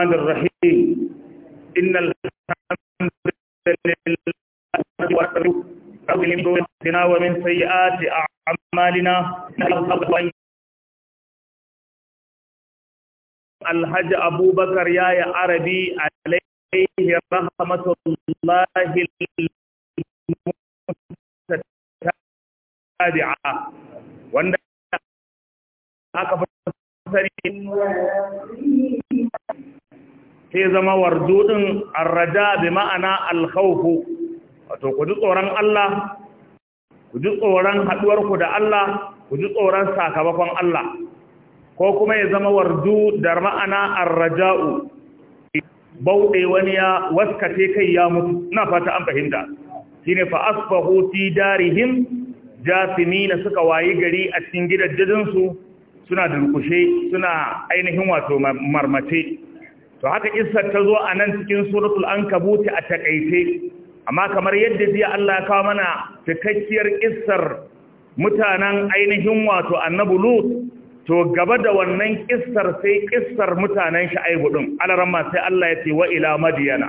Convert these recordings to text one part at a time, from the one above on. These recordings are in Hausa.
الرحمن الرحيم إن الحمد لله ومن سيئات أعمالنا الحج أبو بكر يا عربي عليه رحمة الله المتابعة وأن أكبر sai zama wardu din arraja bi ma'ana alkhawfu wato ku ji tsoron Allah ku ji tsoron haduwar ku da Allah ku ji tsoron sakamakon Allah ko kuma ya zama wardu da ma'ana arraja'u bauɗe wani ya waskace kai ya mutu na fata an fahimta shine fa asbahu fi darihim jasimina suka wayi gari a cikin gidajensu suna dulkushe suna ainihin wato marmace to haka isar ta zo a nan cikin suratul ankabut a takaice amma kamar yadda zai Allah ya kawo mana cikakkiyar kissar mutanen ainihin wato annabi lut to gaba da wannan kissar sai kissar mutanen shi shu'aibu din alaramma sai Allah ya ce wa ila madiyana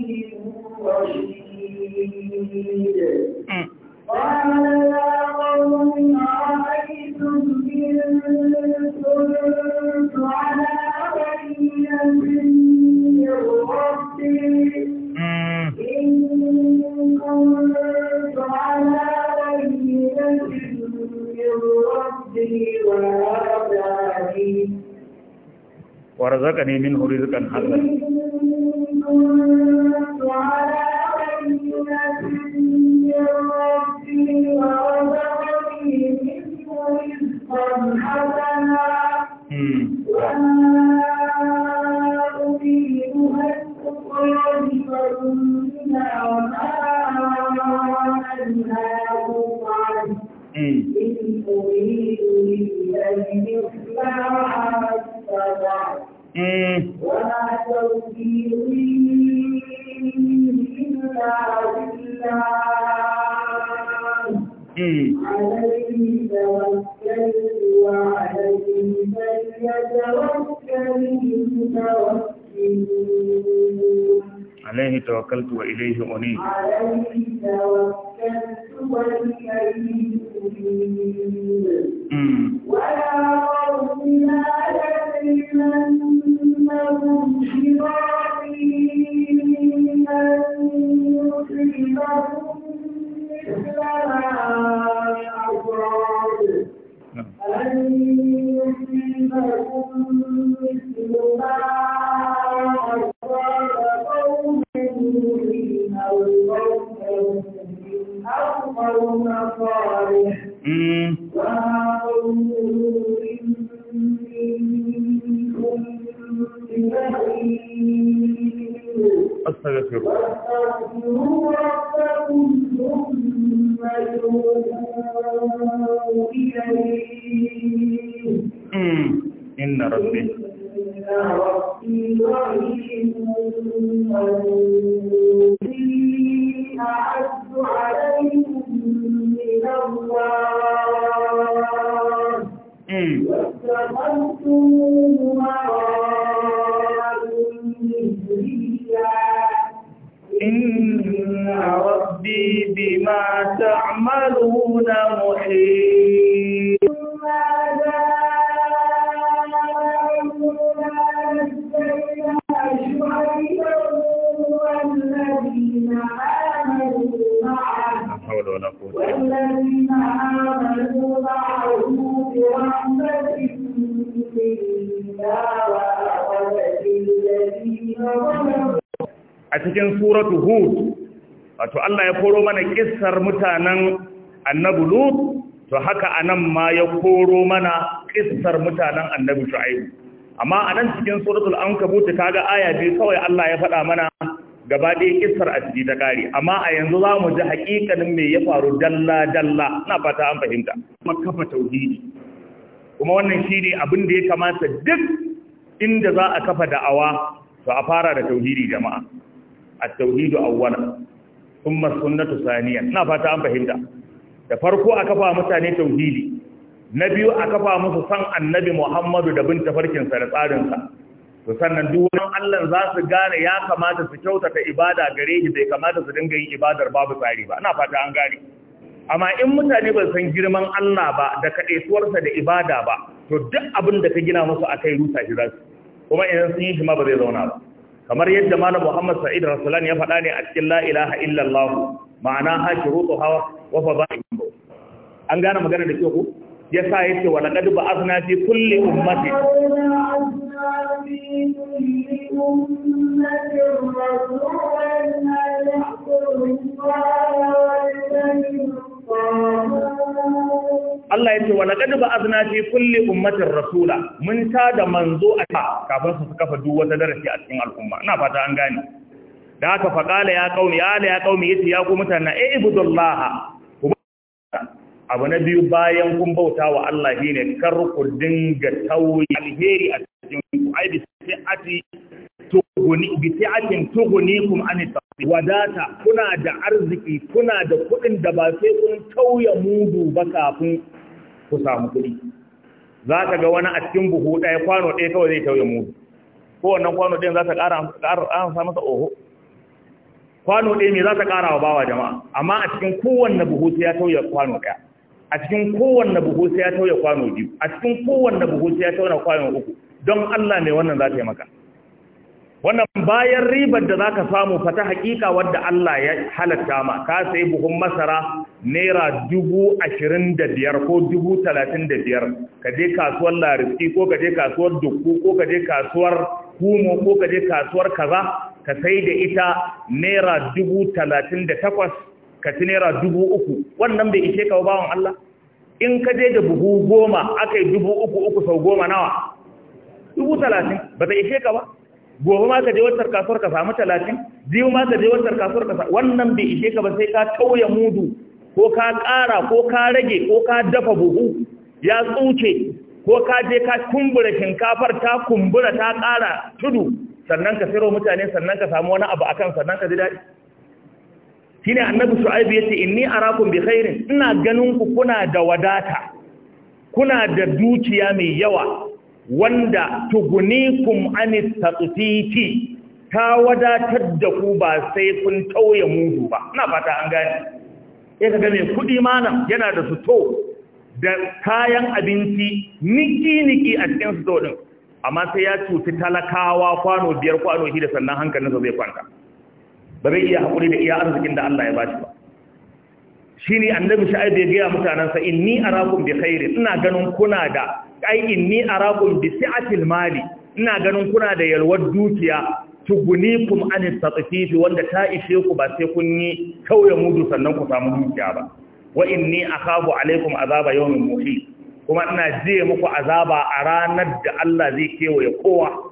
عليه توكلت وإليه أنيب ولا خوف لا يحرمنهم بضعفي أن يصيبهم مثل ما a cikin suratu hud wato Allah ya koro mana kissar mutanen annabi lut to haka anan ma ya koro mana kissar mutanen annabi shu'aib amma a nan cikin suratul ankabut kaga aya biyu kawai Allah ya faɗa mana gaba ɗaya kisar a ciki ta kare amma a yanzu za mu ji haƙiƙanin me ya faru dalla dalla na fata an fahimta kuma kafa tauhidi kuma wannan shine abin da ya kamata duk inda za a kafa da'awa to a fara da tauhidi jama'a at-tauhidu awwalan thumma sunnatu saniyan na fata an fahimta da farko a kafa mutane tauhidi na biyu a kafa musu san annabi Muhammadu da bin tafarkinsa da tsarinsa to sannan duk wani Allah za su gane ya kamata su kyautata ibada gare shi bai kamata su dinga yin ibadar babu tsari ba ina fata an gane amma in mutane ba san girman Allah ba da kaɗaituwarsa da ibada ba to duk abin da ka gina musu akai rusa shi za su kuma idan sun yi shi ma ba zai zauna ba kamar yadda malam Muhammad Sa'id Rasulan ya faɗa ne a cikin la ilaha illallah ma'ana ha wa fada'iluha an gane magana da kyau ko ya sa yake wa ba azna fi kulli ummati Allah ya ce wa ba azna fi kulli ummatin rasula mun ta da manzo a ta kafin su kafa duk wata darasi a cikin al'umma ina fata an gane da haka faqala ya qaumi ya la ya qaumi yace ya ku mutana eh ibudullah abu na biyu bayan kun bauta wa Allah shi ne kar ku dinga tauye alheri a cikin ku ai bi ati tuguni bi ta'atin tugunikum an wadata kuna da arziki kuna da kuɗin da ba sai kun tauya mudu ba kafin ku samu kuɗi za ka ga wani a cikin buhu ɗaya kwano ɗaya kawai zai tauye mudu wannan kwano ɗin za ta ƙara sa masa oho kwano ɗaya ne za ta ƙara wa bawa jama'a amma a cikin kowanne buhu sai ya tauye kwano ɗaya a cikin kowanne buhu sai ya tauye kwano biyu a cikin kowanne buhu sai ya tauye kwano uku don Allah ne wannan za ta yi maka wannan bayan ribar da zaka samu fata hakika wadda Allah ya halatta ma ka sai buhun masara naira dubu ashirin da biyar ko dubu talatin da biyar ka je kasuwar lariski ko ka je kasuwar dukku ko ka je kasuwar kumo ko ka je kasuwar kaza ka sai da ita naira dubu talatin da takwas ka ci naira dubu uku wannan bai ishe ka bawan Allah in ka je da buhu goma aka yi dubu uku uku sau goma nawa dubu talatin ba ta ishe ka ba gobe ma ka je wancan kasuwar ka samu talatin biyu ma ka je wancan kasuwar ka samu wannan bai ishe ka ba sai ka tauye mudu ko ka ƙara ko ka rage ko ka dafa buhu ya tsuce ko ka je ka kumbura shinkafar ta kumbura ta ƙara tudu sannan ka siro mutane sannan ka samu wani abu akan sannan ka ji daɗi ne annabi ya yace inni arakun bi khairin ina ganin ku kuna da wadata kuna da dukiya mai yawa wanda tugunikum anis tatfiti ta wadatar da ku ba sai kun tauye mudu ba ina fata an gane sai kaga mai kudi malam yana da suto da kayan abinci niki niki a cikin to din amma sai ya cuci talakawa kwano biyar kwano da sannan hankalinsa zai kwanta ba zai iya haƙuri da iya arzikin da Allah ya ba shi ba shi ne annabi sha'ib ya gaya mutanensa a rakun bi khairi ina ganin kuna da ai a rakun bi si'atil mali ina ganin kuna da yalwar dukiya tugunikum an tatfifi wanda ta ishe ku ba sai kun yi kauye mudu sannan ku samu dukiya ba wa inni akhafu alaikum azaba yawmin muhit kuma ina jiye muku azaba a ranar da Allah zai kewaye kowa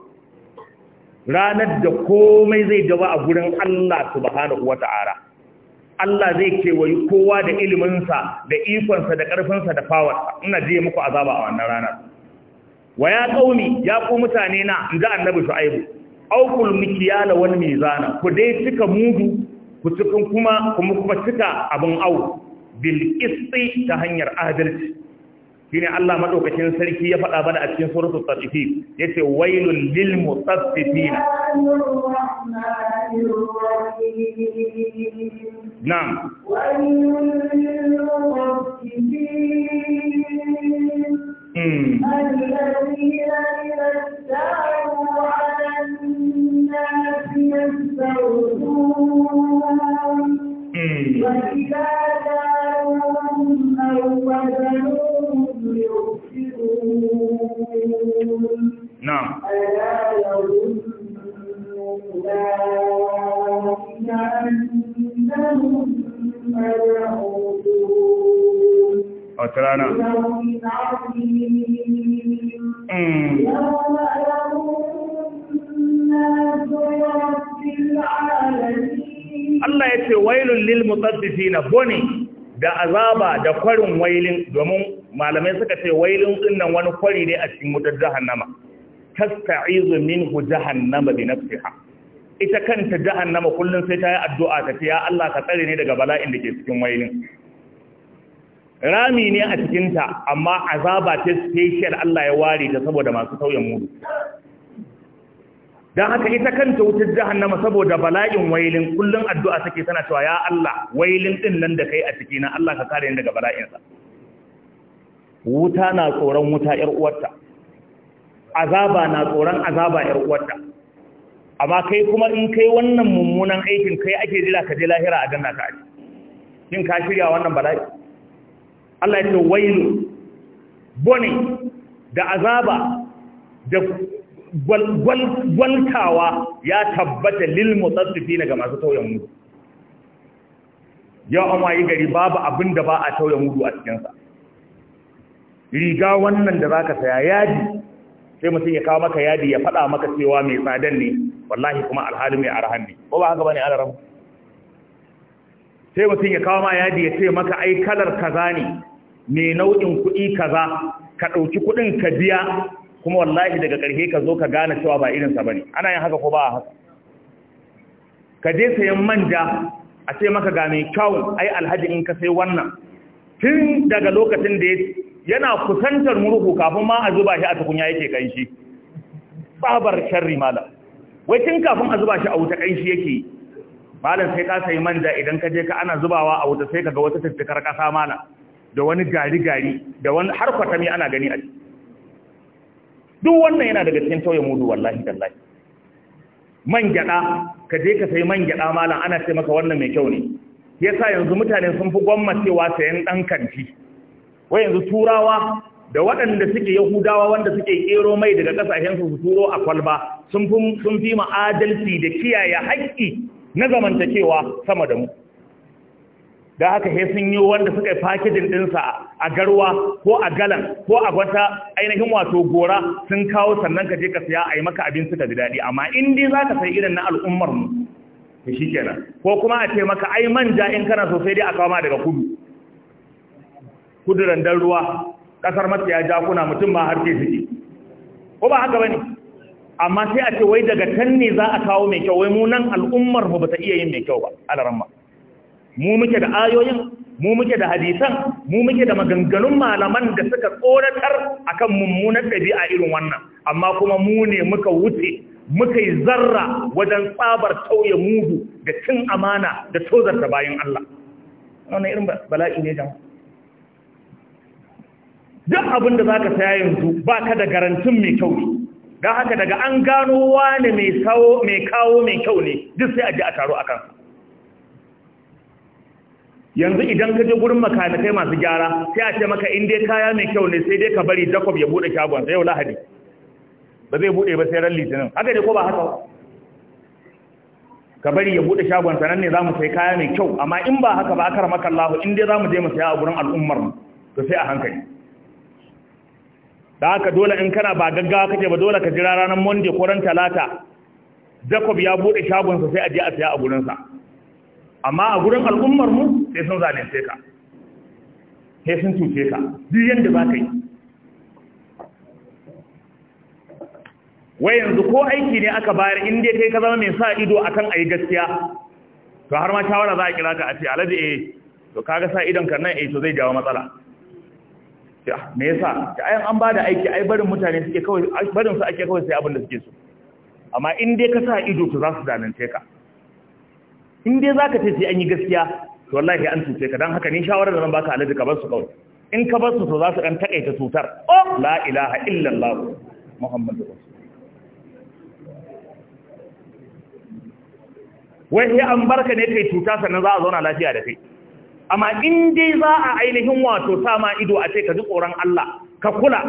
ranar da komai zai gaba a gurin Allah subhanahu Ara), Allah zai kewayi kowa da iliminsa da ikonsa da ƙarfinsa da fawarsa ina je muku azaba a wannan ranar wa ya qaumi ya ku mutane na inda annabi shu'aibu aukul mikiyala mai zana? ku dai cika mudu ku cikin kuma kuma cika abin au bil qisti ta hanyar adalci shine Allah madaukakin sarki ya faɗa bana a cikin suratul tafifi yace wailul lil mutaffifin na'am الذين hmm. إذا hmm. hmm. نعم ألا يظن أولئك أنهم مبعوثون وترانا يوم عظيم يوم يقوم الناس أمم. رب العالمين الله يقول ويل للمطففين بني da azaba da kwarin wailin domin malamai suka ce wailin dinnan wani kwari ne a cikin wutar jahannama tasta'izu minhu jahannama bi nafsiha ita kanta jahannama kullun sai ta yi addu'a ta ce ya Allah ka tsare ni daga bala'in da ke cikin wailin rami ne a cikinta amma azaba ta special Allah ya ware ta saboda masu sauyin mudu dan haka ita kanta wutar jahannama saboda bala'in wailin kullum addu'a take tana cewa ya Allah wailin din nan da kai a ciki na Allah ka kare ni daga bala'insa wuta na tsoron wuta ƴar uwarta azaba na tsoron azaba ƴar uwarta amma kai kuma in kai wannan mummunan aikin kai ake jira ka je lahira a danna ka aji kin ka shirya wannan bala'i Allah ya ce wailu bone da azaba da gwalkawa ya tabbata lil mutsaffifi daga masu tauyan mudu yau an yi gari babu abin da ba a tauyan mudu a cikinsa riga wannan da za ka saya yadi sai mutum ya kawo maka yadi ya faɗa maka cewa mai tsadan ne wallahi kuma alhali mai arhan ne ko ba haka ba ne alaram sai mutum ya kawo ma yadi ya ce maka ai kalar kaza ne mai nau'in kuɗi kaza ka ɗauki kuɗin ka biya kuma wallahi daga ƙarfe ka zo ka gane cewa ba irinsa ba ne ana yin haka ko ba haka ka je sayan manja a ce maka ga mai kyau ai alhaji in ka sai wannan tun daga lokacin da yana kusantar murhu kafin ma a zuba shi a tukunya yake shi babar sharri malam wai tun kafin a zuba shi a wuta shi yake malam sai ka sayi manja idan ka je ka ana zubawa a wuta sai ka ga wata tattakar kasa malam da wani gari-gari da wani har kwatami ana gani a ciki duk wannan yana daga cikin tauye mudu wallahi tallahi man gyada ka je ka sai man gyada malam ana ce maka wannan mai kyau ne yasa yanzu mutane sun fi gwammacewa sayan dan kanti wai yanzu turawa da waɗanda suke yahudawa wanda suke kero mai daga ƙasashensu su turo a kwalba sun fi ma'adalci da kiyaye haƙƙi na zamantakewa sama da mu da haka he sun yi wanda suka yi din ɗinsa a garwa ko a galan ko a wata ainihin wato gora sun kawo sannan ka je ka siya a yi maka abin suka ji daɗi amma in dai za ka sai irin na al'ummar mu to shi kenan ko kuma a ce maka ai manja in kana so sai dai a kawo ma daga kudu kudu dan ruwa ƙasar ja jakuna mutum ba har suke ko ba haka bane amma sai a ce wai daga can ne za a kawo mai kyau wai mu nan al'ummar mu ba ta iya yin mai kyau ba alaramma mu muke da ayoyin mu muke da hadisan mu muke da maganganun malaman da suka tsoratar akan mummunar ɗabi'a irin wannan amma kuma mu ne muka wuce muka yi zarra wajen tsabar tauye mudu da cin amana da tozarta bayan Allah wannan irin bala'i ne jama'a duk abin da zaka saya yanzu baka da garantin mai kyau ne don haka daga an gano wane mai kawo mai kyau ne duk sai a ji a taro akan. sa yanzu idan ka je gurin makanikai masu gyara sai a ce maka in dai kaya mai kyau ne sai dai ka bari Jacob ya bude shagon sai yau Lahadi ba zai bude ba sai ran Litinin haka ne ko ba haka ka bari ya bude shagon sanan ne zamu sai kaya mai kyau amma in ba haka ba akar maka Allah in dai zamu je mu saya a gurin al'ummar mu to sai a hankali da haka dole in kana ba gaggawa kake ba dole ka jira ranar Monday ko ran Talata Jacob ya bude shagon sa sai a je a saya a gurin sa amma a gurin al'ummar mu sai sun zalunce ka sai sun cuce ka duk yadda ba ka yi wai yanzu ko aiki ne aka bayar in dai kai ka zama mai sa ido akan ayi gaskiya to har ma shawara za a kira ka a ce alade eh to kaga sa idon ka nan eh to zai jawo matsala me yasa ta ayan an bada aiki ai barin mutane suke kawai barin su ake kawai sai abin da suke so amma in dai ka sa ido to za su zalunce ka in dai zaka ce sai an yi gaskiya to wallahi an tuce ka dan haka ni shawarar da zan baka alaji ka bar su kawai in ka bar su to za su dan takaita cutar oh la ilaha illallah muhammadu wai ya an barka ne kai cuta sannan za a zauna lafiya da kai amma in dai za a ainihin wato sa ma ido a ce ka ji tsoron Allah ka kula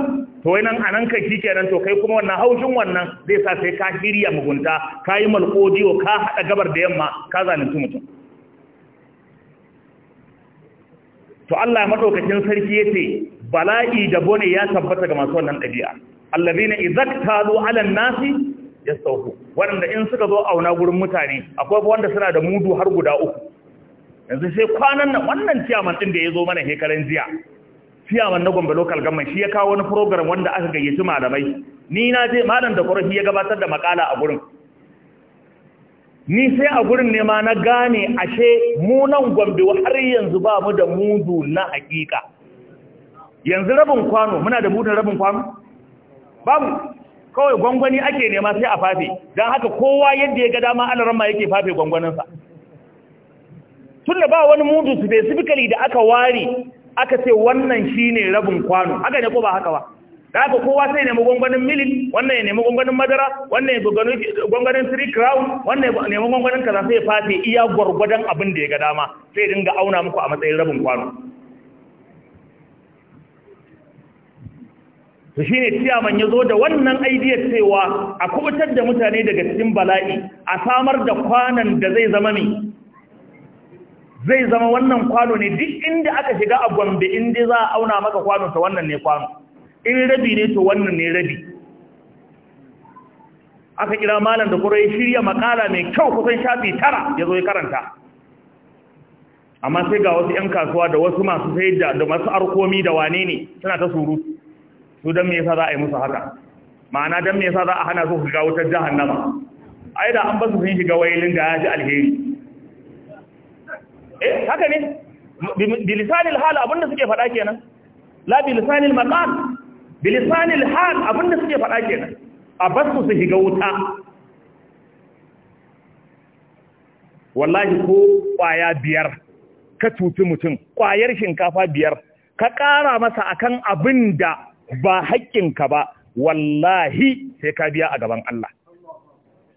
to wai nan anan kai shikenan to kai kuma wannan haushin wannan zai sa sai ka shirya mugunta ka yi malkodiyo ka hada gabar da yamma ka zalunci mutum to Allah madaukakin sarki yace bala'i da bone ya tabbata ga masu wannan dabi'a allazina izaktalu ala nasi yastawfu wanda in suka zo auna gurin mutane akwai wanda suna da mudu har guda uku yanzu sai kwanan nan wannan ciyaman din da ya zo mana hekaran jiya ciyaman na Gombe local government shi ya kawo wani program wanda aka gayyaci malamai ni na je malam da korofi ya gabatar da makala a gurin ni sai a gurin nema na gane ashe mu nan gombe har yanzu ba mu da mudu na hakika yanzu rabin kwano muna da mudun rabin kwano babu kawai gwangwani ake nema sai a fafe don haka kowa yadda ya ga dama alarama yake fafe gwangwaninsa da ba wani mudu specifically da aka ware aka ce wannan shine rabin kwano haka ne ko ba haka ba da kowa sai nemi gwangwanin milin wannan ya nemi gwangwanin madara wannan ya gwangwanin three crown wannan ya nemi gwangwanin kaza sai ya fafe iya gwargwadon abin da ya ga dama sai dinga auna muku a matsayin rabin kwano to shine ciyaman ya zo da wannan aidiyar cewa a kubutar da mutane daga cikin bala'i a samar da kwanan da zai zama mai zai zama wannan kwano ne duk inda aka shiga a gombe inda za a auna maka kwano ta wannan ne kwano in rabi ne to wannan ne rabi aka kira malam da kura ya shirya makala mai kyau kusan shafi tara ya zo ya karanta amma sai ga wasu 'yan kasuwa da wasu masu sayar da masu arkomi da wane ne suna ta suru su don me yasa za a yi musu haka ma'ana don me yasa za a hana su shiga wutar jahannama ai da an ba su sun shiga wayilin da ya ji alheri eh haka ne lisanil hal abinda suke faɗa kenan la lisanil maqal bilisanil hal abinda suke faɗa kenan a basu su higa wuta wallahi ko kwaya biyar ka tuti mutum kwayar shinkafa biyar ka ƙara masa akan abinda da ba haƙƙinka ba wallahi sai ka biya a gaban Allah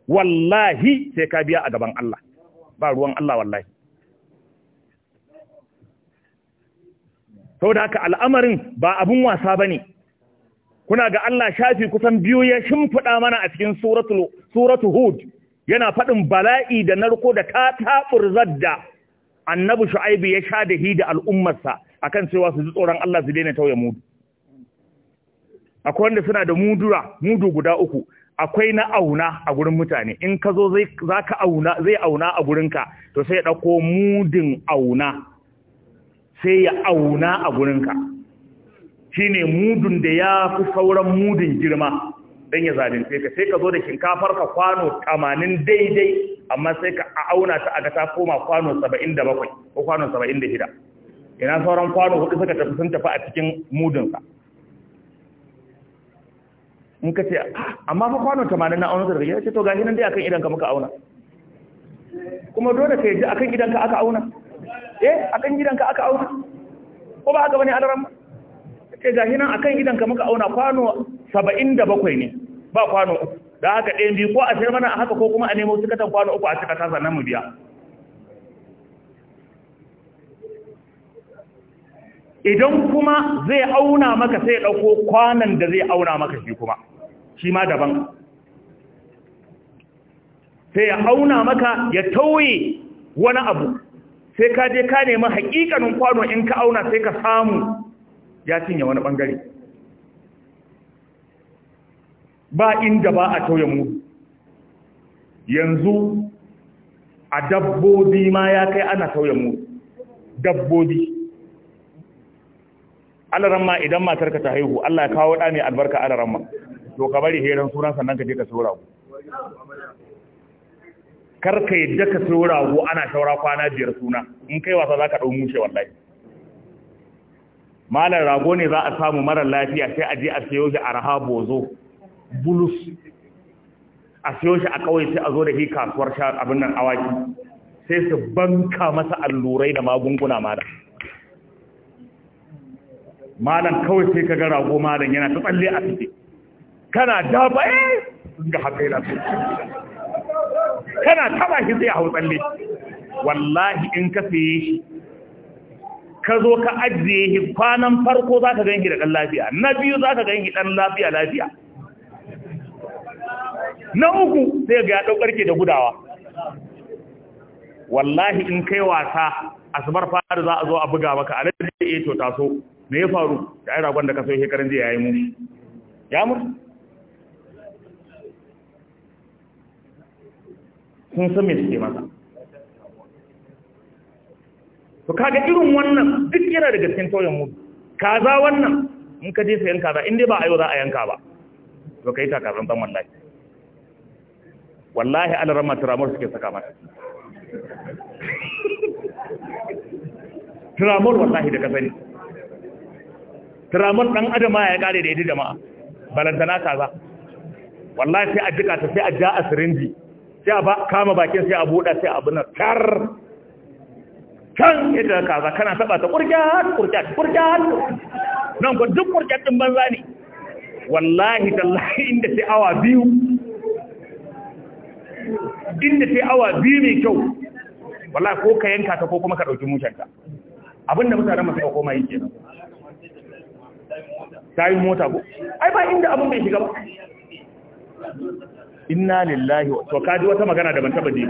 wallahi sai ka biya a gaban Allah ba ruwan Allah wallahi sau da haka al'amarin ba abin wasa ba ne kuna ga Allah shafi kusan biyu ya shimfiɗa mana a cikin suratu hud yana faɗin bala'i da narko da ta taɓurzar da annabi shu'aibu ya sha da hida al'ummarsa akan cewa su ji tsoron Allah su daina tauye mudu akwai wanda suna da mudura mudu guda uku akwai na auna a gurin mutane in ka zo za ka auna zai auna a gurinka to sai ya ɗauko mudin auna sai ya auna a ka. shine mudun da ya fi sauran mudun girma don ya zalunce ka sai ka zo da shinkafar ka kwano 80 daidai amma sai ka auna ta ga ta koma kwano 77 ko kwano 76 ina sauran kwano hudu suka tafi sun tafi a cikin mudun sa in ka ce ah, amma fa kwano 80 na auna sarki ya ce to gashi nan dai akan idan ka muka auna kuma dole ka yi akan gidanka aka auna eh akan gidanka aka auna ko ba haka bane adaran ba ce eh, gashi a akan idan ka muka auna kwano 77 ne ba kwano uku da haka ɗaya biyu ko a sayar a haka ko kuma a nemo sikatan kwano uku a cika sannan nan mu biya idan kuma zai auna maka sai ɗauko kwanan da zai auna maka shi kuma shi ma daban sai ya auna maka ya tauye wani abu sai ka je ka nemi haƙiƙanin kwano in ka auna sai ka samu ya cinye wani bangare ba inda ba a tauye mu yanzu a dabbobi ma ya kai ana tauye mu dabbobi alaramma idan matarka ta haihu Allah ya kawo ɗa mai albarka alaramma to ka bari heran sunan sannan ka je ka saura kar ka yadda ka saura ana saura kwana biyar suna in kai wasa zaka ka ɗau mushe wallahi malar rago ne za a samu marar lafiya sai a je a siyo shi a raha bozo bulus a siyo shi a kawai sai a zo da shi kasuwar abin nan awaki sai su banka masa allurai da magunguna mara malam kawai sai ka ga rago malam yana ta tsalle a fice kana daba eh ga haka yana kana taba shi sai a hau tsalle wallahi in ka saye shi ka zo ka ajiye shi kwanan farko za ka ganki da ɗan lafiya na biyu za ka ganki ɗan lafiya lafiya na uku sai ga ya ɗau da gudawa wallahi in kai wasa asibar fara za a zo a buga maka alaji da ya to taso me ya faru da ai ragon da ka sai shekaran jiya yayi mu ya mutu sun san me suke masa to kaga irin wannan duk yana daga cikin tauyen mu. kaza wannan in ka je sayan kaza in dai ba a yau za a yanka ba to kai ta kazan ban wallahi wallahi ala rama turamar suke saka mata turamar wallahi da ka tramor turamar dan adama ya kare da yadda jama'a balantana kaza wallahi sai a jika ta sai a ja a sirinji sai a ba kama bakin sai a buɗa sai a abu na tar kan yadda kaza kana taba ta kurkyat kurkyat kurkyat nan ko duk kurkyat din banza ne wallahi tallahi inda sai awa biyu inda sai awa biyu mai kyau wallahi ko ka yanka ta ko kuma ka dauki ka abinda mutanen masu dauko mai kenan yi mota ko ai ba inda abin bai shiga ba inna lillahi wa to kaji wata magana da ban taba ji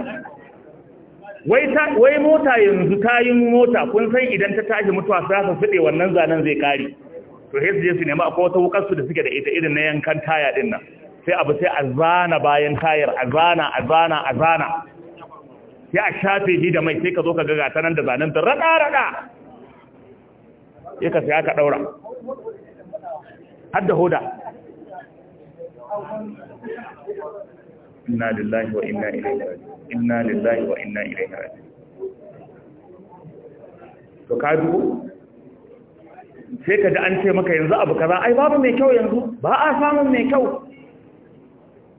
wai mota yanzu yi mota kun san idan ta tashi mutuwa za su fide wannan zanen zai kare to sai su je su nema akwai wata wukar su da suke da ita irin na yankan taya din nan sai abu sai a zana bayan tayar a zana a zana a zana sai a shafe shi da mai sai ka zo ka gaga ta nan da zanen ta rada rada Ya ka sai aka daura har da hoda inna lillahi wa inna ilaihi raji'un inna lillahi wa inna ilaihi raji'un to ka sai kaji an ce maka yanzu abu kaza ai babu mai kyau yanzu ba a samun mai kyau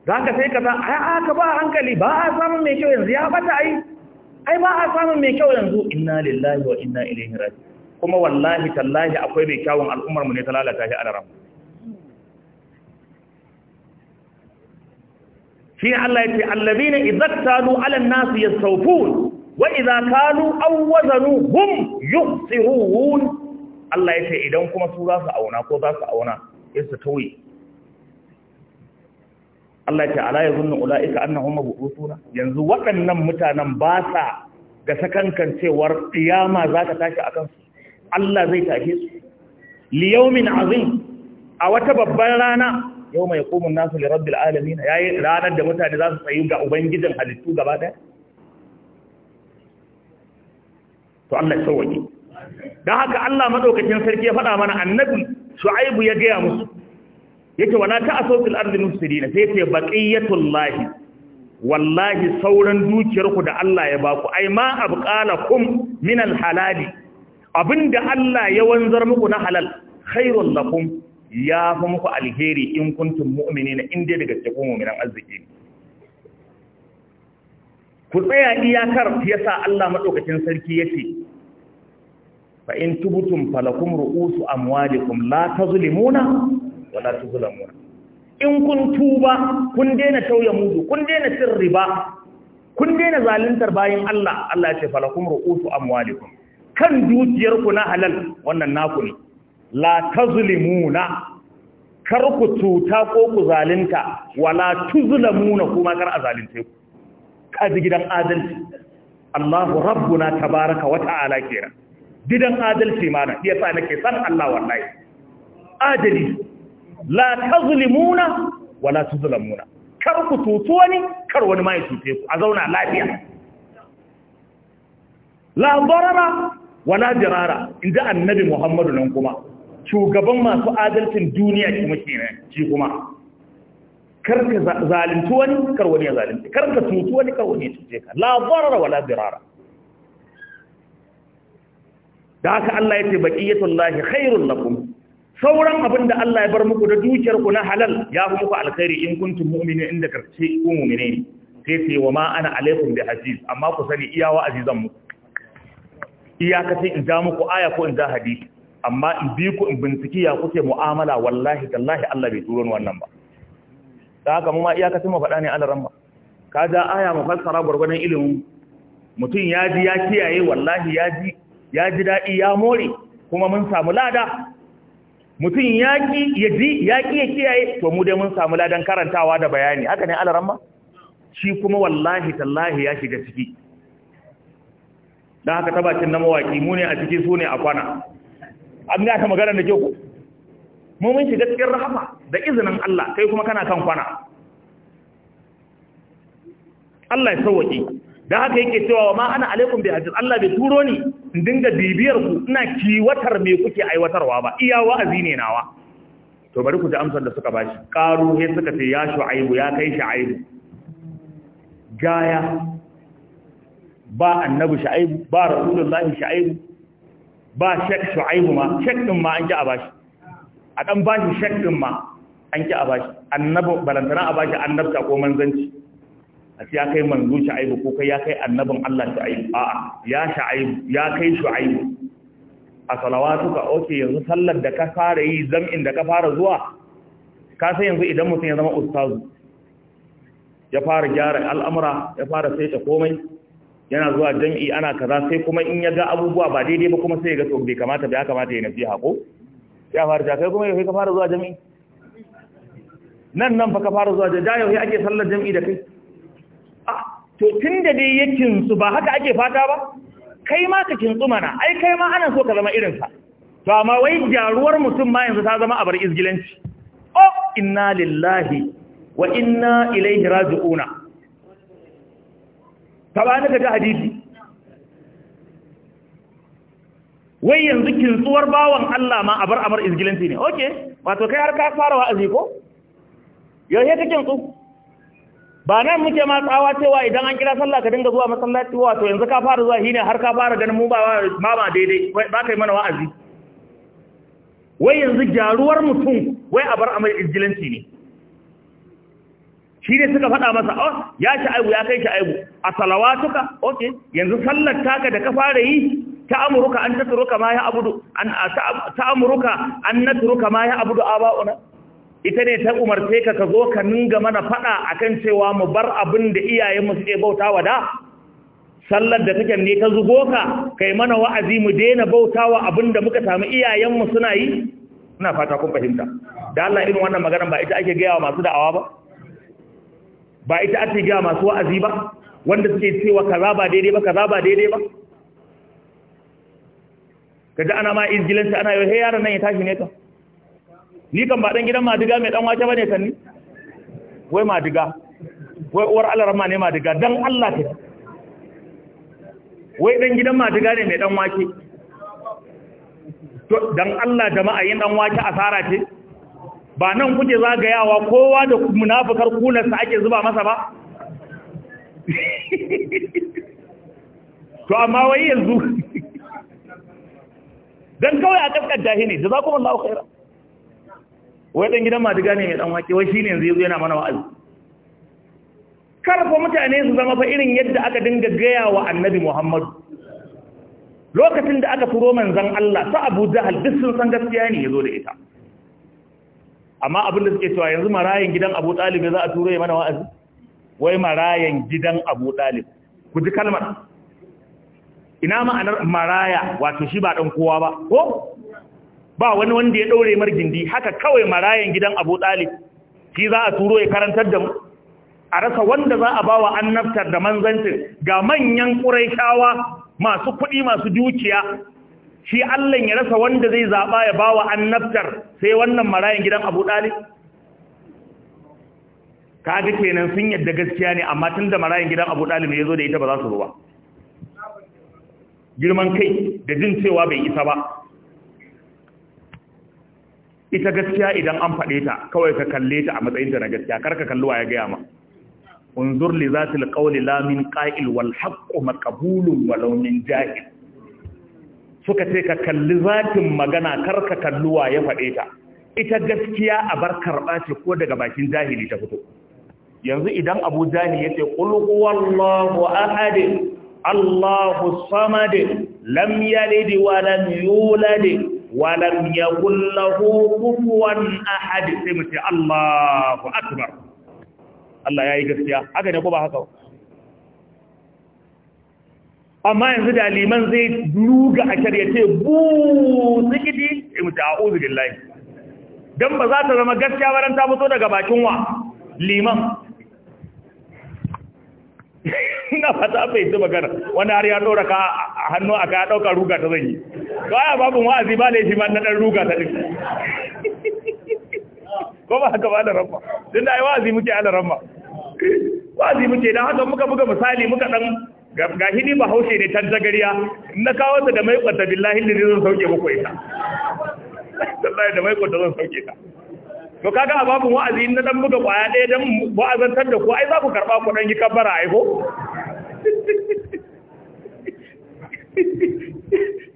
za ka sai kaza ai aka ba hankali ba a samun mai kyau yanzu ya bata ai ai ba a samun mai kyau yanzu inna lillahi wa inna ilaihi raji'un kuma wallahi tallahi akwai mai kyawun al'ummar mu ne ta lalata shi a daren shi Allah ya ce allazina izattalu ala wa wazanu hum Allah ya ce idan kuma su za su auna ko za su auna sai su tauye Allah ya ce ala yazunnu ulaika annahum mabusuna yanzu waɗannan mutanen ba sa ga sakankan cewar kiyama za ta tashi a kansu. Allah zai tashi su liyaumin azim a wata babban rana yau mai kumun nasu da rabbi al'alami na ranar da mutane za su tsayi ga ubangijin halittu gaba ɗaya to Allah ya sauwaƙe don haka Allah maɗaukacin sarki ya faɗa mana annabi shu'aibu ya gaya musu yake wana ta asosil arzi mufsirina sai ce baqiyatul lahi wallahi sauran dukiyarku da Allah ya baku ai ma abqalakum min al halali abinda Allah ya wanzar muku na halal khairul lakum ya fi muku alheri in kuntum mu'mini na inda daga cikin mu'minan arziki ku tsaya iyakar yasa Allah madaukakin sarki yace fa in tubtum falakum ru'usu amwalikum la tazlimuna wa la tuzlamuna in kun tuba kun daina tauye mudu kun daina cin riba kun daina zaluntar bayin Allah Allah ya ce falakum ru'usu amwalikum kan dukiyarku na halal wannan naku ne la tazlimuna kar ku tuta ko ku zalunta wala tuzlamuna kuma kar a zalunce ku kaji gidan adalci Allahu rabbuna tabaraka wa ta'ala kira gidan adalci mana yasa nake san Allah wallahi adali la tazlimuna wala tuzlamuna kar ku tutu wani kar wani ma ya tute ku a zauna lafiya la darara wala dirara inda annabi Muhammadu nan kuma shugaban masu adalcin duniya kuma kenan shi kuma kar ka zalunci wani kar wani ya zalunci kar ka cuci wani kar wani ya cuce ka la darara wala da aka Allah ya ce baqiyatullahi khairul lakum sauran abinda Allah ya bar muku da dukiyar ku na halal ya fi muku alkhairi in kuntum mu'minin inda karshe ku mu'mine ne sai sai wa ma ana alaikum bi aziz amma ku sani iyawa azizan muku iyaka sai in ja muku aya ko in ja hadisi amma in bi ku in binciki ya kuke mu'amala wallahi tallahi Allah bai turo wannan ba da haka mu ma sai mu faɗa ne Allah ramba ka da aya mu fassara gurgurdan ilimin mutum ya ji ya kiyaye wallahi ya ji ya ji dadi ya more kuma mun samu lada mutum ya ki ya ji ya ki ya kiyaye to mu dai mun samu ladan karantawa da bayani haka ne Allah ramba shi kuma wallahi tallahi ya shiga ciki da haka tabacin na mawaki mu ne a ciki su ne a kwana an ta magana da ke ku mu shiga cikin rahama da izinin Allah kai kuma kana kan kwana Allah ya sauwaƙe da haka yake cewa wa ma ana alaikum bi Allah bai turo ni in dinga bibiyar ku ina kiwatar me kuke aiwatarwa ba iya wa'azi ne nawa to bari ku ji amsar da suka bashi qaru he suka ce ya shu'aibu ya kai shu'aibu gaya ba annabi shu'aibu ba rasulullahi shu'aibu ba shek shu'aibu ma shek din ma an ki a bashi a dan bashi shek din ma an ki a bashi annabi balantana a bashi annabta ko manzanci a ce ya kai manzo shu'aibu ko kai ya kai annabin Allah shu'aibu a'a ya shu'aibu ya kai shu'aibu a salawatuka okay yanzu sallar da ka fara yi zam'in da ka fara zuwa ka san yanzu idan mutum ya zama ustazu ya fara gyara al'amura ya fara ta komai yana zuwa jam'i ana kaza sai kuma in ya ga abubuwa ba daidai ba kuma sai ya ga to bai kamata ba ya kamata ya nafi hako? ya fara ta kai kuma ya ka fara zuwa jam'i nan nan fa ka fara zuwa jam'i yau ake sallar jam'i da kai to tunda dai yakin su ba haka ake fata ba kai ma ka kintsu mana ai kai ma ana so ka zama irin sa to amma wai jaruwar mutum ma yanzu ta zama abar izgilanci oh inna lillahi wa inna ilaihi raji'una ka ta hadisi wai yanzu kintsuwar bawan Allah ma a bar amar izgilanci ne Ok, wato kai har ka fara wa'azi ko yau sai ka kintsu ba nan muke ma tsawa cewa idan an kira sallah ka dinga zuwa masallaci wato yanzu ka fara zuwa hine har ka fara ganin mu ba ma ba daidai ba kai mana wa'azi wai yanzu gyaruwar mutum wai a bar amar izgilanci ne shi ne suka faɗa masa oh ya sha'aibu ya kai sha'aibu a salawatuka okay yanzu sallar taka da ka fara yi ta amuruka an tatruka ma ya abudu ta amuruka an ma ya abudu aba'una ita ne ta umarce ka ka zo ka ninga mana faɗa akan cewa mu bar abin da iyayenmu suke bautawa da sallar da take ne ta zugo ka kai mana wa'azi mu daina bautawa abin da muka samu iyayenmu suna yi ina fata kun fahimta da Allah irin wannan magana ba ita ake gaya wa masu da'awa ba ba ita ake gaya masu wa'azi ba wanda suke cewa kaza ba daidai ba kaza ba daidai ba ji ana ma izgilansa ana yau he yaran nan ya tashi ne ka ni kan ba dan gidan madiga mai dan wace bane kan ni wai madiga wai uwar alarma ne madiga dan Allah ke wai dan gidan madiga ne mai dan wake to dan Allah jama'a yin dan wake asara ce ba nan kuke zagayawa kowa da munafukar kunarsa ake zuba masa ba to amma wai yanzu don kawai a kafkar dahi ne da za kuma Allah khaira wai dan gidan madiga ne mai dan wake wai shine yanzu yana mana wa'azi karfa mutane su zama fa irin yadda aka dinga gaya wa annabi Muhammadu lokacin da aka turo manzon Allah ta Abu Jahal duk sun san gaskiya ne yazo da ita amma abin da suke cewa yanzu marayan gidan abu ɗalib za a turo ya mana wa'azi wai marayan gidan abu ɗalib ku ji kalmar ina ma'anar maraya wato shi ba ɗan kowa ba ko ba wani wanda ya ɗaure margindi haka kawai marayan gidan abu ɗalib shi za a turo ya karantar da mu a rasa wanda za a ba wa annabtar da manzancin ga manyan ƙuraishawa masu kuɗi masu dukiya shi Allah ya rasa wanda zai zaɓa ya ba wa annabtar sai wannan marayan gidan abu ɗalib kaga kenan sun yadda gaskiya ne amma tun da marayan gidan abu ɗalib ya zo da ita ba za su ruwa girman kai da jin cewa bai isa ba ita gaskiya idan an faɗe ta kawai ka kalle ta a matsayinta na gaskiya karka kalluwa ya gaya ma unzur li zatil qawli la min qa'il wal haqqu maqbulun walau min jahil suka ce ka kalli zakin magana kar ka wa ya faɗe ta ita gaskiya a bar karɓa ce ko daga bakin jahili ta fito yanzu idan abu jahili ya ce ƙulƙu wallahu ahadi allahu samadi lam yalidi wa lam yuladi wa lam yakul lahu kufuwan ahad sai mu ce allahu akbar Allah yayi gaskiya haka ne ko ba haka amma yanzu da liman zai ruga a ce bu sikiti imta a'udhu billahi Don ba za ta zama gaskiya ba ta fito daga bakin wa liman ina fata bai ta magana wani har ya dora ka hannu aka ya dauka ruga ta zanyi to aya babu wa'azi ba shi ma na dan ruga ta din ko ba haka ba da ramma tunda ai wa'azi muke ala ramma wa'azi muke dan haka muka buga misali muka dan ga hini ba haushe ne tan zagariya na kawo ta da mai kwata billahi da zan sauke muku ita wallahi da mai kwata zan sauke ta to kaga a babu wa'azi na dan buga kwaya ɗaya dan wa'azantar da ku ai za ku karba ku dan yi kabbara ai ko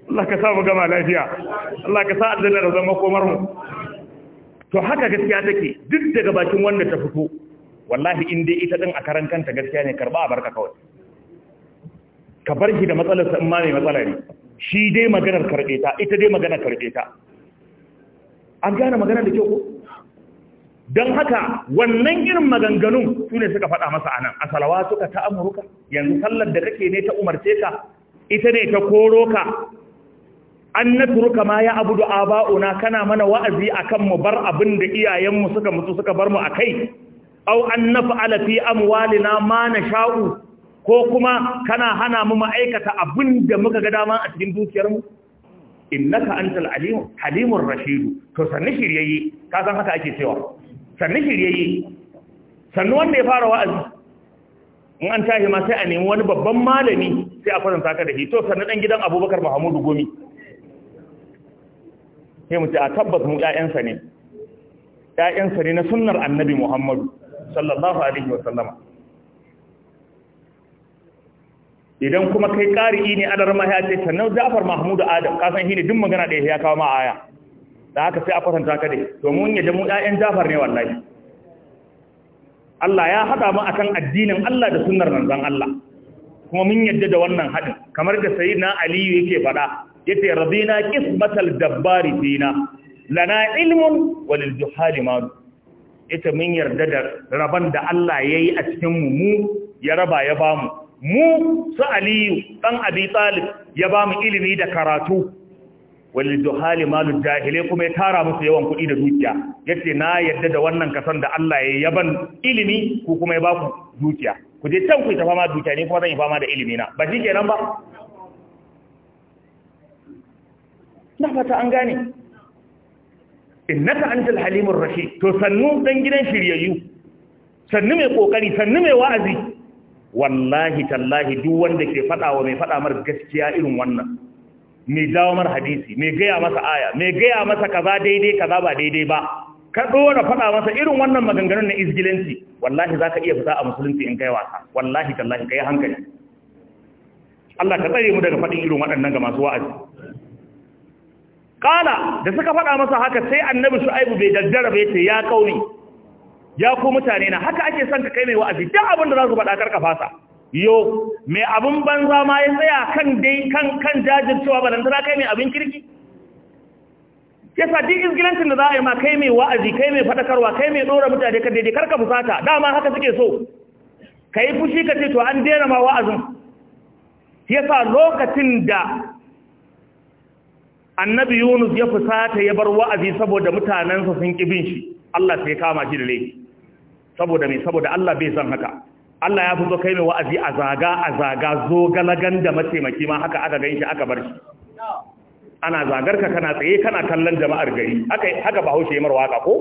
Allah ka sa mu gama lafiya Allah ka sa aljanna da zama komar mu to haka gaskiya take duk daga bakin wanda ta fito wallahi in dai ita din a karan kanta gaskiya ne karba a barka kawai ka bar shi da matsalarsa in ma mai matsala ne shi dai maganar karɓe ta ita dai maganar karɓe ta an gane maganar da kyau ko don haka wannan irin maganganun su ne suka faɗa masa anan a salawa suka ta amurka yanzu sallar da kake ne ta umarce ka ita ne ta koro ka an na turuka ma ya abu da ba'una kana mana wa'azi akan mu bar abin da iyayenmu suka mutu suka bar mu a kai au an na fa'ala fi amwalina ma na sha'u ko kuma kana hana mu ma'aikata abin da muka ga dama a cikin dukiyarmu innaka antal alim halimur rashid to sanni shiryayye. ka san haka ake cewa sanni shiryayye. sannu wanda ya fara wa'azi in an tashi ma sai a nemi wani babban malami sai a kwatanta ka da shi to sannu dan gidan Abubakar Muhammadu Gomi sai mu ce a tabbas mu ƴaƴansa ne ƴaƴansa ne na sunnar Annabi Muhammadu sallallahu alaihi wa sallama idan kuma kai ƙari'i ne adar ma ya ce sannan Ja'far Mahmud Adam kasan san ne duk magana da ya kawo ma aya da haka sai a kwatanta ka dai to mun yadda mu ƴaƴan Ja'far ne wallahi Allah ya haɗa mu akan addinin Allah da sunnar zan Allah kuma mun yadda da wannan haɗin kamar da na Aliyu yake faɗa yace radina qismatal dabbari fina lana ilmun walil juhali ma yace mun yarda da raban da Allah yayi a cikin mu mu ya raba ya bamu mu su aliyu ɗan abi talib ya ba mu ilimi da karatu wani juhali malu jahilai kuma ya tara musu yawan kuɗi da dukiya ya ce na yadda da wannan kasan da Allah ya yaban ilimi ko kuma ya ba ku dukiya ku je can ku yi ta fama dukiya ne kuma zan yi fama da ilimi na ba shi nan ba na fata an gane an jil halimun rashi to sannu dan gidan shiryayyu sannu mai kokari sannu mai wa'azi wallahi tallahi duk wanda ke fada wa mai fada mar gaskiya irin wannan mai dawo mar hadisi mai gaya masa aya mai gaya masa kaza daidai kaza ba daidai ba ka dora faɗa masa irin wannan maganganun na izgilanci wallahi za ka iya fita a musulunci in kai wasa wallahi tallahi ka yi hankali Allah ka tsare mu daga faɗin irin waɗannan ga masu wa'azi kala da suka faɗa masa haka sai annabi shu'aibu bai daddara bai ce ya kauni ya ku mutane na haka ake son ka kai mai wa'azi duk abin da za su faɗa karka fasa yo mai abin banza ma ya tsaya kan dai kan kan jajircewa kai mai abin kirki yasa duk izgilancin da za a yi ma kai mai wa'azi kai mai faɗakarwa kai mai ɗora mutane ka daidai karka fusata dama haka suke so ka yi fushi ka ce to an daina ma wa'azin yasa lokacin da annabi yunus ya fusata ya bar wa'azi saboda mutanensa sun ƙi bin shi Allah sai kama shi da laifi saboda mai saboda Allah bai zan haka Allah ya fito kai mai wa'azi a zaga a zaga zo galagan da mataimaki ma haka aka ganshi aka bar shi ana zagar ka kana tsaye kana kallon jama'ar gari haka haka bahaushe mara waka ko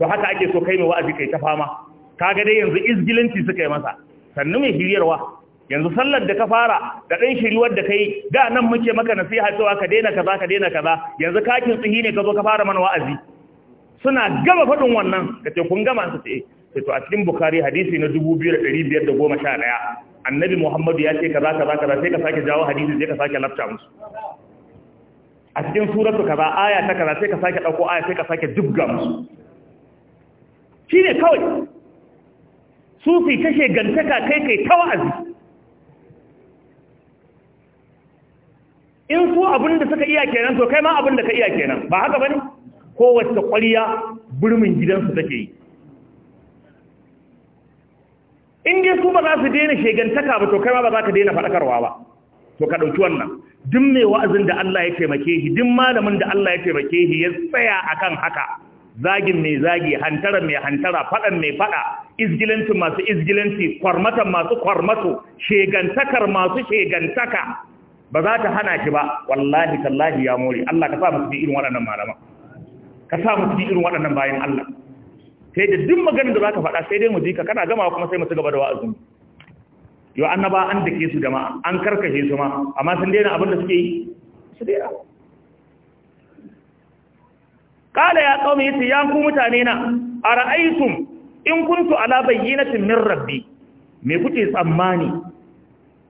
to haka ake so kai mai wa'azi kai ta fama kaga dai yanzu izgilanci suka yi masa sannu mai hiriyarwa yanzu sallar da ka fara da ɗan shiriwar da ka yi da nan muke maka nasiha cewa ka daina kaza ka daina kaza yanzu kakin tsihi ne ka zo ka fara mana wa'azi suna gama faɗin wannan ka ce kun gama su ce sai to a cikin bukari hadisi na ɗaya. annabi muhammadu ya ce kaza kaza kaza sai ka sake jawo hadisi sai ka sake lafta musu a cikin suratu kaza aya ta kaza sai ka sake ɗauko aya sai ka sake dubga musu Shi ne kawai sufi kashe gantaka kai kai ta wa'azi. in su abin da suka iya kenan to kai ma abin da ka iya kenan ba haka bane kowace kwariya burmin gidansu take yi in dai su ba za su daina shegantaka ba to kai ma ba za ka daina faɗakarwa ba to ka ɗauki wannan duk mai wa'azin da Allah ya taimake shi duk malamin da Allah ya taimake shi ya tsaya akan haka zagin mai zagi hantara mai hantara faɗan mai faɗa izgilanci masu izgilanci kwarmatan masu kwarmato shegantakar masu shegantaka ba za ta hana shi ba wallahi tallahi ya more Allah ka sa mu cikin irin waɗannan malaman ka sa mu cikin irin waɗannan bayan Allah sai da duk maganin da za ka faɗa sai dai mu ji ka kana gama kuma sai mu gaba da wa'azi yau annaba an dake su jama'a an karkashe su ma amma sun daina abin da suke yi su daina kala ya kawai yace ya ku mutane na ara'aytum in kuntu ala bayyinatin min rabbi me kuke tsammani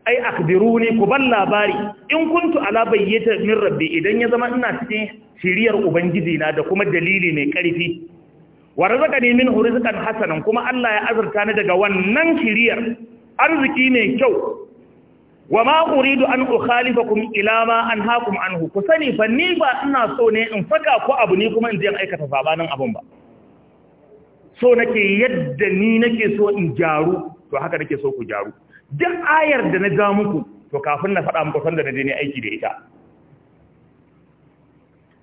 ai akbiruni ku ban labari in kuntu ala bayyinatin min rabbi idan ya zama ina cikin shiriyar ubangiji na da kuma dalili mai karfi wa razaqani min rizqan hasanan kuma Allah ya azurta ni daga wannan shiriyar arziki mai kyau wa ma uridu an ukhalifakum ila ma anhaakum anhu ku sani fa ni ba ina so ne in saka ku abu ne kuma in je in aikata sabanin abun ba so nake yadda ni nake so in jaru to haka nake so ku jaru duk ayar da na ja muku to kafin na faɗa muku sanda na je ne aiki da ita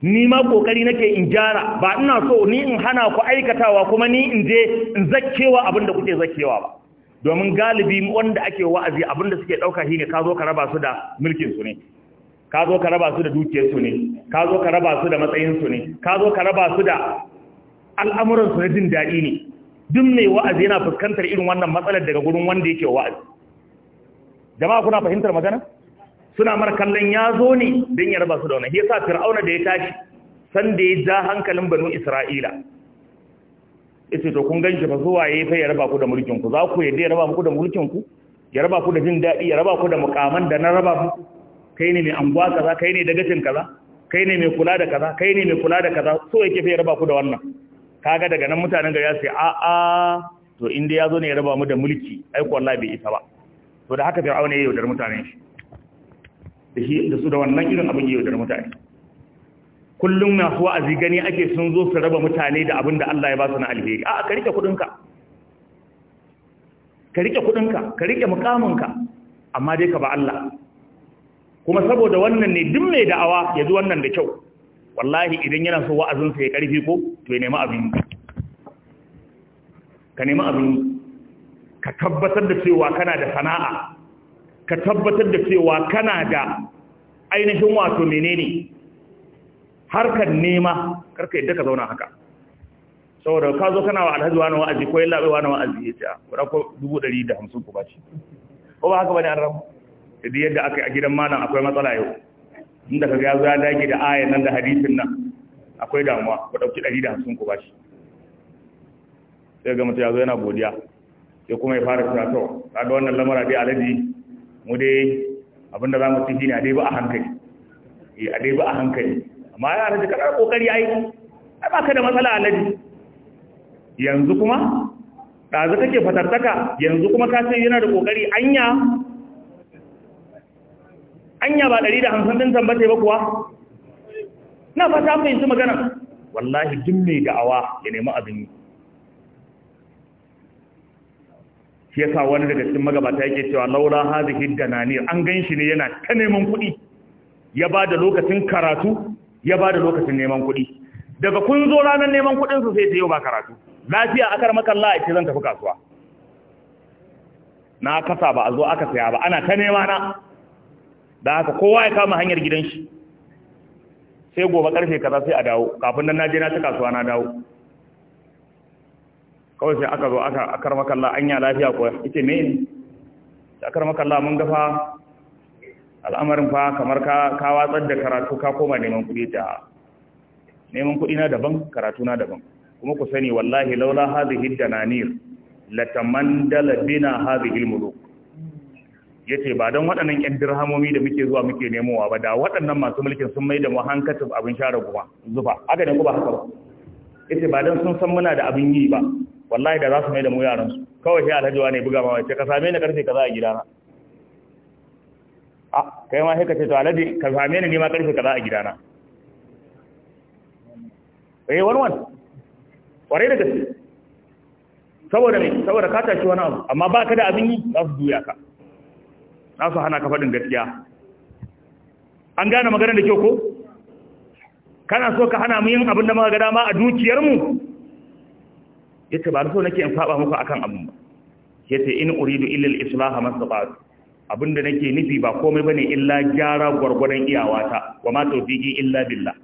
ni ma kokari nake in gyara ba ina so ni in hana ku aikatawa kuma ni in je in zakkewa abin da kuke zakkewa ba domin galibi wanda ake wa'azi abin da suke dauka shine ka zo ka raba su da mulkin su ne ka zo ka raba su da dukiyar su ne ka zo ka raba su da matsayin su ne ka zo ka raba su da al'amuran su na jin daɗi ne duk mai wa'azi yana fuskantar irin wannan matsalar daga gurin wanda yake wa'azi jama'a kuna fahimtar magana suna mar kallon ya zo ne don ya raba su da wannan sa fir'auna da ya tashi san da ya ja hankalin banu isra'ila yace to kun ganshi fa zuwa ya yi fa ya raba ku da mulkin ku za ku yadda ya raba muku da mulkin ku ya raba ku da jin daɗi ya raba ku da mukaman da na raba ku kai ne mai anguwa kaza kai ne dagacin kaza kai ne mai kula da kaza kai ne mai kula da kaza so yake fa ya raba ku da wannan kaga daga nan mutanen gari ya ce a a to inda ya zo ne ya raba mu da mulki aiko wallahi bai isa ba to da haka fir'auna ya yaudar mutanen shi da su da wannan irin abin yau da mutane kullum na masu wa'azi zigani ake sun zo su raba mutane da abin da Allah ya ba su na alheri a ka rike kudinka ka rike kudinka ka rike mukaminka amma dai ka ba Allah kuma saboda wannan ne duk mai da'awa ya ji wannan da kyau wallahi idan yana so wa'azinsa ya karfi ko to ya nemi abin ka nemi abin ka tabbatar da cewa kana da sana'a ka tabbatar da cewa kana da ainihin wato menene harkar nema karka yadda ka zauna haka saboda ka zo kana wa alhaji wani wa'azi ko yalla bai wani wa'azi ya ce wara ah, ko dubu ɗari da hamsin ku ba ko ba haka bane an ramu da yadda aka a gidan malam akwai matsala yau inda ka ya zo ya dage da ayan nan da hadisin nan akwai damuwa ku ɗauki ɗari da hamsin ku ba sai ga mutum ya zo yana godiya sai kuma ya fara cewa to kaga wannan lamara dai alhaji mu dai abinda za mu ci shine a dai ba a hankali eh a dai ba a hankali amma ya rage kada kokari ai ai ba ka da matsala alaji yanzu kuma ɗazu kake fatartaka yanzu kuma ka ce yana da kokari anya anya ba 150 din tambace ba kuwa na fata mun su magana wallahi duk mai da'awa ya nemi abin yi shi yasa wani daga cikin magabata yake cewa laula hadhihi dananir an ganshi ne yana ta neman kuɗi ya ba da lokacin karatu ya ba da lokacin neman kuɗi daga kun zo ranar neman kuɗin su sai ta yau ba karatu lafiya akar makalla a ce zan tafi kasuwa na kasa ba a zo aka saya ba ana ta nema na da haka kowa ya kama hanyar gidan shi sai gobe karfe kaza sai a dawo kafin nan naje na ci kasuwa na dawo kawai sai aka zo aka akar makalla an ya lafiya ko ita me ne akar makalla mun ga fa al'amarin fa kamar ka ka watsar da karatu ka koma neman kuɗi ta neman kuɗi na daban karatu na daban kuma ku sani wallahi laula hadhihi dananir latamandala bina hadhihi Ya yace ba don waɗannan ƴan dirhamomi da muke zuwa muke nemowa ba da waɗannan masu mulkin sun mai da mu hankacin abin share guba zufa aka ne ku ba haka ba yace ba don sun san muna da abin yi ba wallahi da za su mai da mu yaran su kawai sai alhaji wani buga mawa ce ka same ni karfe kaza a gidana a ah, kai ma sai ka ce to alhaji ka same ni ne ma karfe kaza a gidana eh wani kware da gaske saboda ne saboda ka tashi wani abu amma ba ka da abin yi za su duya ka za su hana ka faɗin gaskiya an gane maganar da kyau ko kana so ka hana mu yin abin da muka ga dama a dukiyarmu yace ba so nake in saba muku akan abu ba yace in uridu illa al-islaha mastata'tu abinda nake nufi ba komai bane illa gyara gwargwadon iyawata wa ma tawfiqi illa billah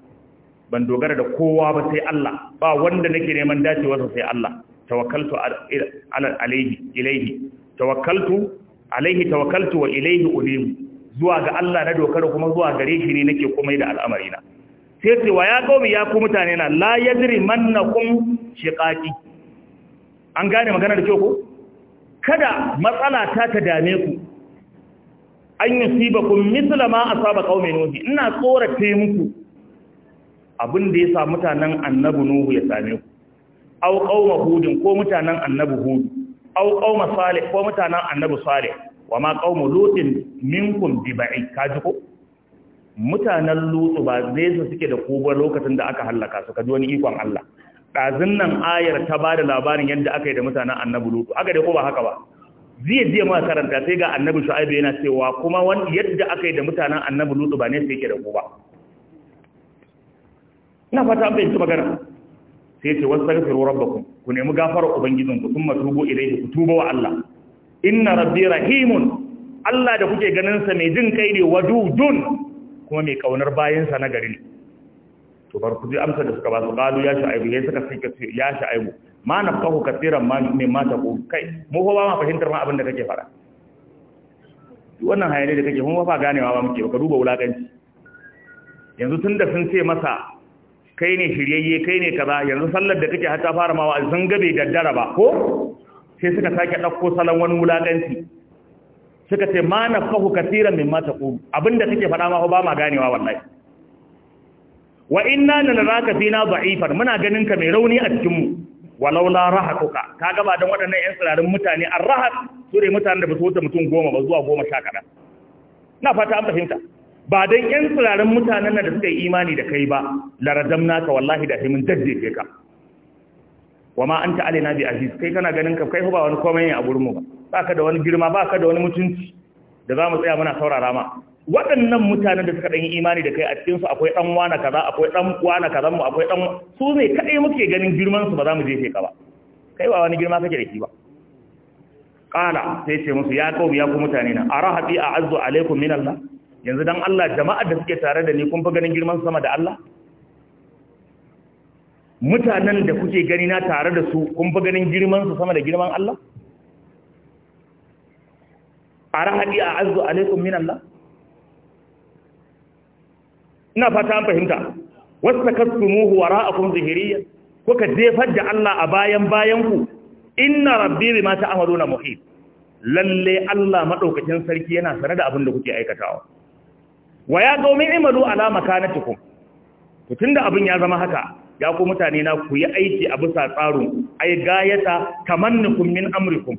ban dogara da kowa ba sai Allah ba wanda nake neman dacewa sai Allah tawakkaltu ala alayhi ilayhi tawakkaltu alayhi tawakkaltu wa ilayhi ulim zuwa ga Allah na dokar kuma zuwa gare shi ne nake komai da al'amarina sai ce wa ya gaumi ya ku mutane na la yadri mannakum shiqaqi an gane magana da kyau ko kada matsala ta ta dame ku an yusiba kun misla ma asaba qaumi nuhi ina tsorata muku abin da ya sa mutanen annabi nuhu ya same ku aw qauma hudin ko mutanen annabi hud aw qauma salih ko mutanen annabi salih wa ma qaumu lutin minkum bi ba'i kaji ko mutanen lutu ba zai su suke da ku lokacin da aka halaka su kaji wani ikon Allah ɗazin nan ayar ta ba da labarin yadda aka yi da mutanen annabu lutu aka dai ko ba haka ba zai je ma karanta sai ga annabi shu'aibu yana cewa kuma wani yadda aka yi da mutanen annabu lutu ba ne sai yake da ku ba ina fata an fahimci magana sai ce wasu sarfiru ku nemi gafarar ubangijinku sun matubo ilaihi ku tuba wa Allah inna rabbi rahimun Allah da kuke ganin sa mai jin kai ne wadudun kuma mai kaunar bayansa na garin. to bar ku amsa da suka ba su qalu ya sha'aibu yayi suka sai ya shu'aibu ma nafqahu katiran ma min ma ku kai mu ko ba ma fahimtar ma abin da kake fara wannan hayani da kake kuma ba ganewa ba muke ba ka duba wulakanci yanzu tunda sun ce masa kai ne shiryayye kai ne kaza yanzu sallar da kake har ta fara wa sun gabe daddara ba ko sai suka sake ɗauko salon wani wulakanci suka ce ma nafqahu katiran min ma ku abin da kake fada ma ba ma ganewa wallahi wa inna Raka fina da'ifan muna ganin ka mai rauni a cikin mu walaula rahaquka ka gaba don waɗannan 'yan tsirarin mutane su ne mutane da ba su wuce mutum goma ba zuwa goma sha kaɗan na fata an fahimta ba don 'yan tsirarin mutanen nan da suka yi imani da kai ba naka wallahi da himin ke ka wa ma an ta'ale na bi aziz kai kana ganin ka kai ba wani komai ne a gurin mu ba ka da wani girma ba ka da wani mutunci da za mu tsaya muna saurara ma waɗannan mutanen da suka ɗanyi imani da kai a cikinsu akwai ɗan wana kaza akwai ɗan wana kaza mu akwai ɗan su ne kaɗai muke ganin girman su ba za mu je ka ba kai ba wani girma kake da shi ba ƙala sai ce musu ya kawo ya ku mutane na ara haɗi a azu alaikum min Allah yanzu dan Allah jama'ar da suke tare da ni kun fa ganin girman sama da Allah mutanen da kuke gani na tare da su kun fa ganin girman su sama da girman Allah a haɗi a azu alaikum min Allah ina fata an fahimta wasu takassumuhu wara'akum ko kuka jefar da Allah a bayan bayan ku inna rabbi bima ta'maluna muhit lalle Allah madaukakin sarki yana sane da abin da kuke aikatawa wa ya zo min imalu ala makanatikum to tunda abin ya zama haka ya ku mutane na ku yi aiki a bisa tsarin ai gayata tamannukum min amrikum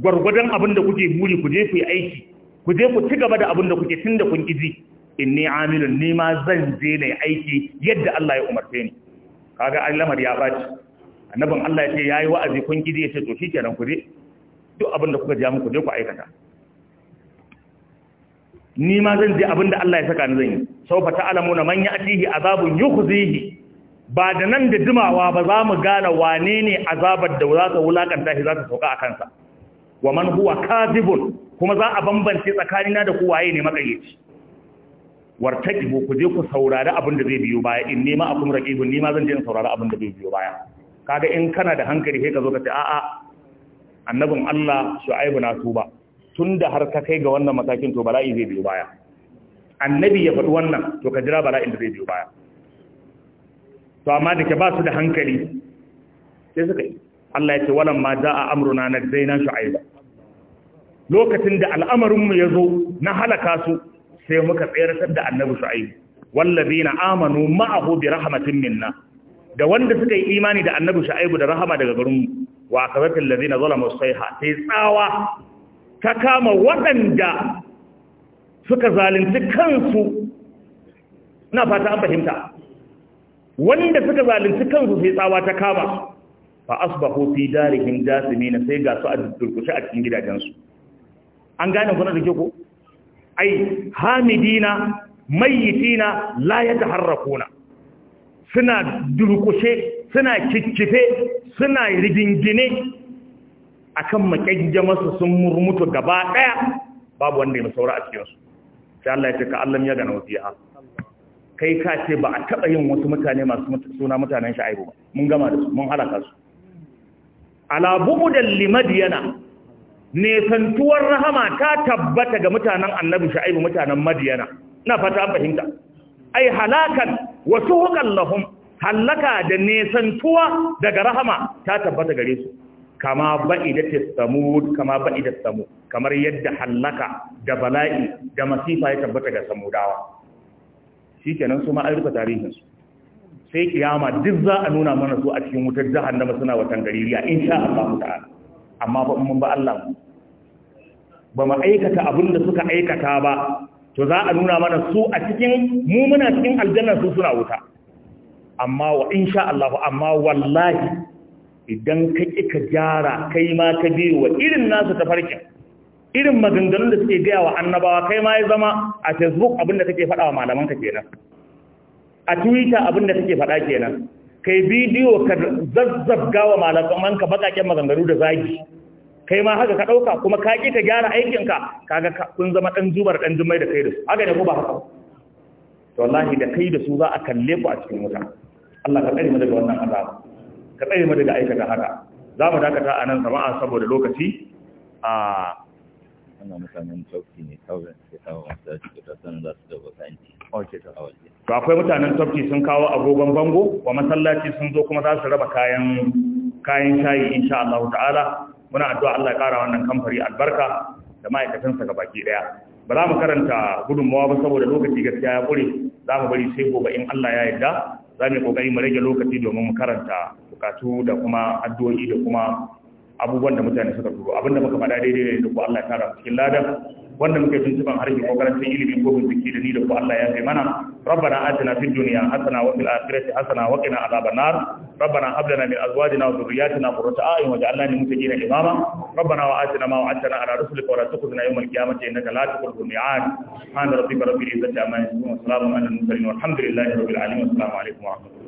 gwargwadon abin da kuke buri ku je ku yi aiki ku je ku ci gaba da abin da kuke tunda kun kiji inni amilun ni ma zan je na aiki yadda Allah ya umarce ni kaga al'amar lamar ya baci annabin Allah ya ce yayi wa'azi kun gidi ya ce to shikenan ku je duk abin da kuka ji muku je ku aikata ni ma zan je abin da Allah ya saka ni zan yi sau fa ta'lamu man ya'tihi azabun yukhzihi ba da nan da dumawa ba za mu gane wane ne azabar da za ta wulakanta shi za ta sauka a kansa wa man huwa kadibun kuma za a bambance tsakanina da ku waye ne makayyaci wartaqibu ku je ku saurari abin da zai biyo baya in nema akum raqibun nima zan je in saurari abin da zai biyo baya kaga in kana da hankali sai ka zo ka ce a'a annabin Allah Shu'aibu na tuba tunda har ka kai ga wannan matakin to bala'i zai biyo baya annabi ya faɗi wannan to ka jira bala'in da zai biyo baya to amma da ke ba su da hankali sai suka yi Allah ya ce walan ma za'a amruna na zaina Shu'aibu. lokacin da al'amarinmu ya zo na halaka su sai muka tsayar da annabi shu'aibu na amanu ma'ahu bi rahmatin minna da wanda suka yi imani da annabi shu'aibu da rahama daga garin mu wa akabatil ladina zalamu sayha sai tsawa ta kama waɗanda suka zalunci kansu na fata an fahimta wanda suka zalunci kansu sai tsawa ta kama fa asbahu fi darihim jasimina sai ga su a durkushe a cikin gidajensu an gane ku da ke ko ai hamidina mayyitina la yataharrakuna suna durkushe suna kikkife suna rigingine akan masu sun murmutu gaba daya babu wanda ya saura a su. sai Allah ya ce ka Allah ya gana wasiya kai ka ce ba a taba yin wasu mutane masu suna mutanen aibu ba mun gama da su mun halaka su ala bu'udan limadiyana nesantuwar rahama ta tabbata ga mutanen annabi sha'ibu mutanen madiyana na fata fahimta ai halakan wasu shuhuqan lahum da nesantuwa daga rahama ta tabbata gare su kama ba'idat samud kama kamar yadda halaka da bala'i da masifa ya tabbata ga samudawa shikenan su ma an rufe tarihin sai kiyama duk za a nuna mana su a cikin wutar jahannama suna watan gaririya insha Allah ta'ala amma ba mun ba Allah ba mu aikata abin da suka aikata ba to za a nuna mana su a cikin mu muna cikin aljanna su suna wuta amma wa insha Allah amma wallahi idan ka kika ka gyara kai ma ka biyo wa irin nasu ta farkin irin maganganun da suke gaya wa annabawa kai ma ya zama a facebook abin da kake faɗa wa malaman ka kenan a twitter abin da kake faɗa kenan kai bidiyo ka zazzabgawa ka bakaken maganganu da zagi kai ma haka ka ɗauka kuma ka ƙi ka gyara aikinka kaga kun zama ɗan zubar ɗan jummai da kai da su haka ne ko ba haka to wallahi da kai da su za a kalle ku a cikin wuta Allah ka tsare mu daga wannan azab ka tsare mu daga aikata haka za mu dakata a nan sama'a saboda lokaci a wannan mutanen sauki ne kawai sai da da su da to akwai mutanen tafki sun kawo agogon bango wa masallaci sun zo kuma za su raba kayan kayan shayi insha Allah ta'ala muna addu'a Allah ya kara wannan kamfani albarka da ma'aikatansa ga baki daya ba za mu karanta gudunmawa ba saboda lokaci gaskiya ya kure za mu bari sai gobe in Allah ya yarda za mu kokari mu rage lokaci domin mu karanta bukatu da kuma addu'o'i da kuma abubuwan da mutane suka turo abinda muka faɗa daidai ne da Allah ya tara cikin ladan wanda muke tuntuban harshen ko karancin ilimin ko bincike da ni da ku Allah ya kai mana rabbana atina fid dunya hasana wa fil akhirati hasana wa qina adhaban nar rabbana hab lana min azwajina wa dhurriyyatina qurrata a'yun waj'alna lil muttaqina imama rabbana wa atina ma wa'adtana ala rusulika wa la tukhzina yawmal qiyamati innaka la tukhlifu al-mi'ad subhana rabbika rabbil izzati amma yasifun wa salamun ala al-mursalin walhamdulillahi rabbil alamin assalamu alaykum wa rahmatullahi